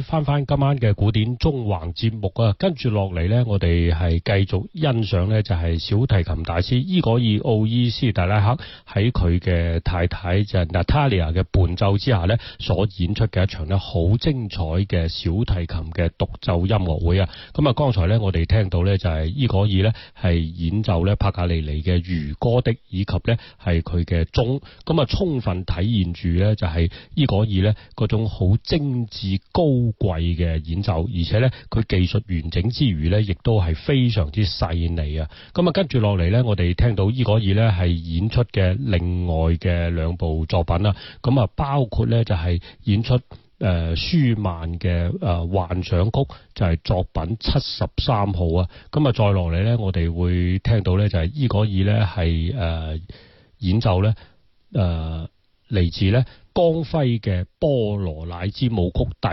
翻翻今晚嘅古典中橫節目啊，跟住落嚟呢，我哋係繼續欣賞呢，就係小提琴大師伊戈爾奧伊斯特拉赫喺佢嘅太太就係娜塔莉亞嘅伴奏之下呢，所演出嘅一場呢好精彩嘅小提琴嘅獨奏音樂會啊！咁啊，剛才呢，我哋聽到呢，就係伊戈爾呢係演奏呢帕格尼尼嘅漁歌的，以及呢係佢嘅鐘，咁啊充分體現住呢，就係伊戈爾呢嗰種好精致高高貴嘅演奏，而且咧佢技術完整之餘咧，亦都係非常之細膩啊！咁啊，跟住落嚟咧，我哋聽到伊戈爾咧係演出嘅另外嘅兩部作品啦。咁啊，包括咧就係演出誒、呃、舒曼嘅誒、呃、幻想曲，就係、是、作品七十三號啊。咁啊，再落嚟咧，我哋會聽到咧就係伊戈爾咧係誒演奏咧誒。呃嚟自呢光輝嘅波羅乃茲舞曲第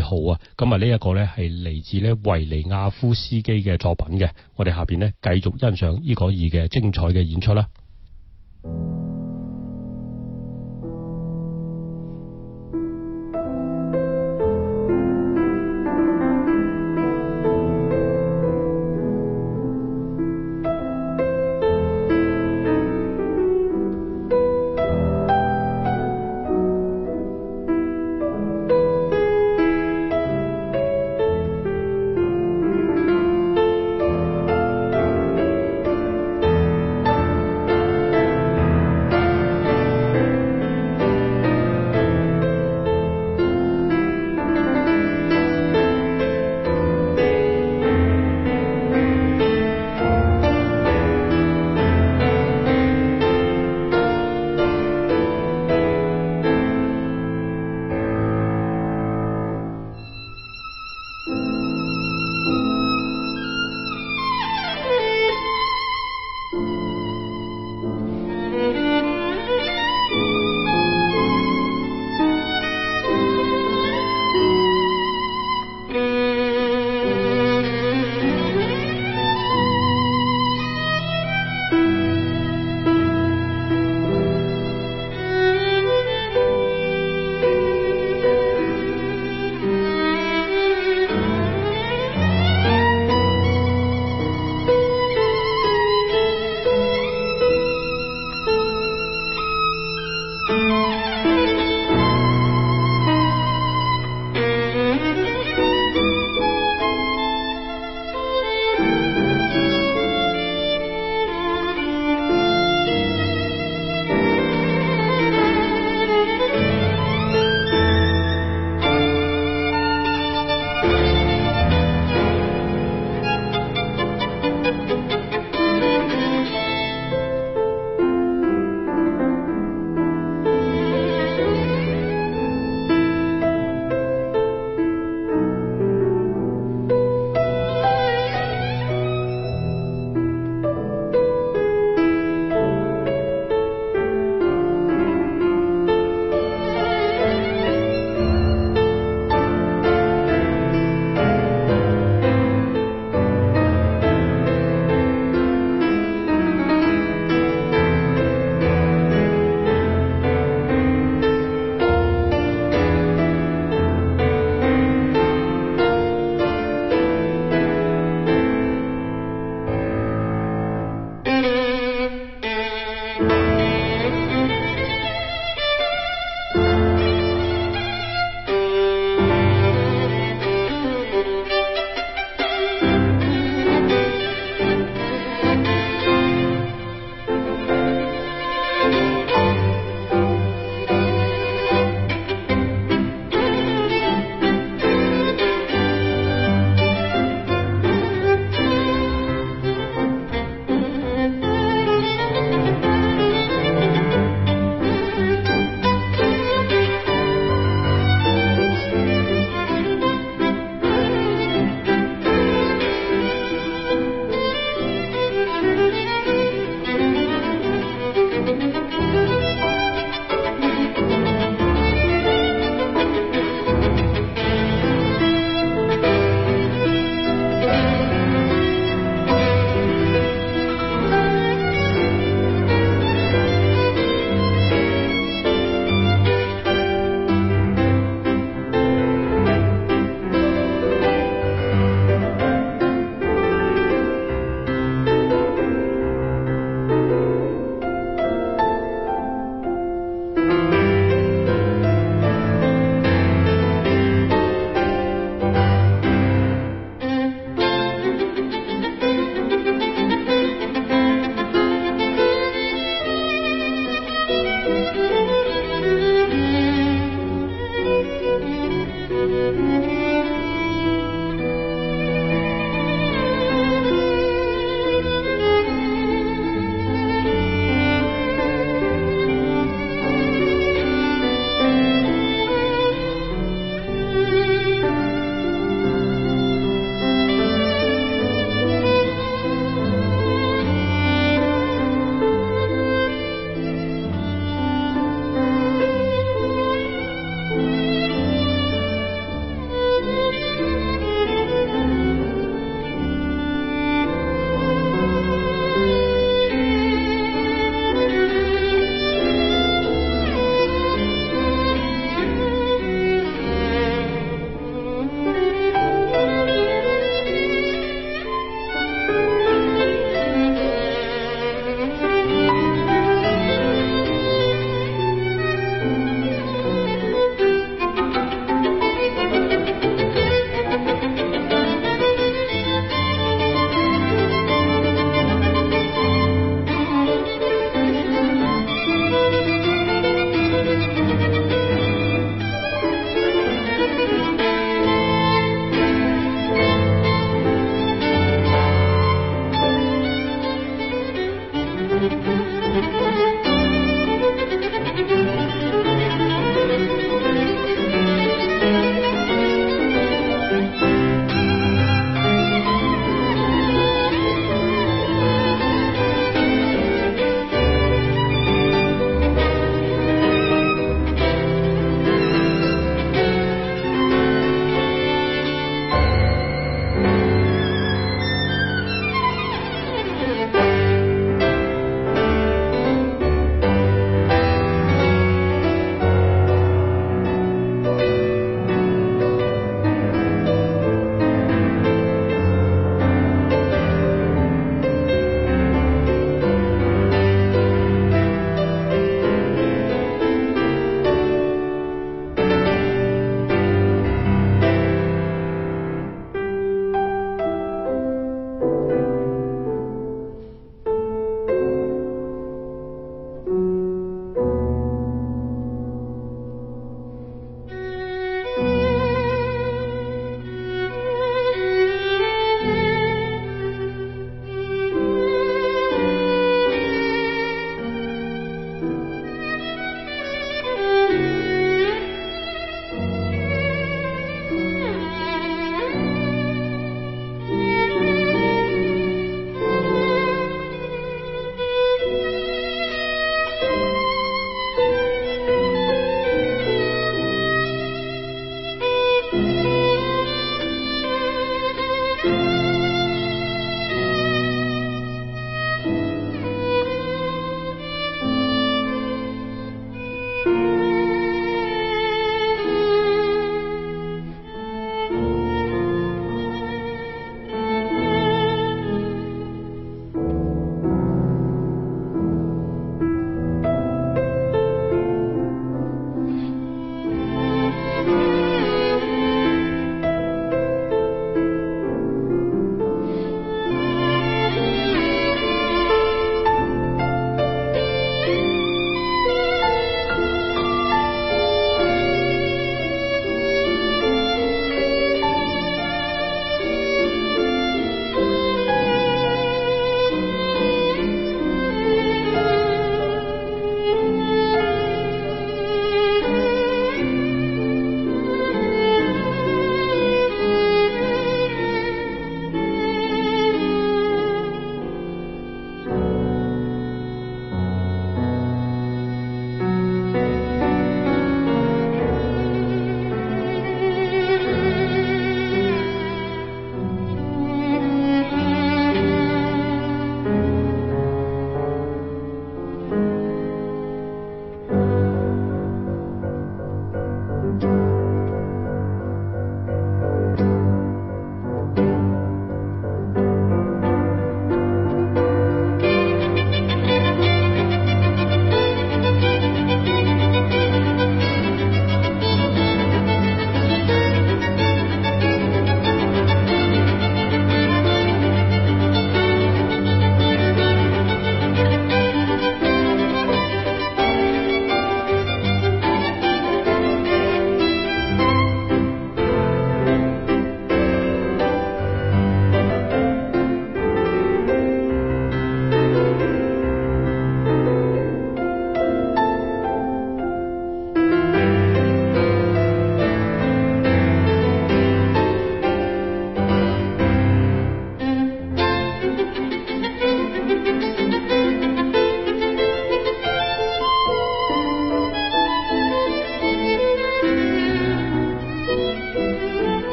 二號啊，咁啊呢一個呢係嚟自呢維尼亞夫斯基嘅作品嘅，我哋下邊呢，繼續欣賞伊戈爾嘅精彩嘅演出啦。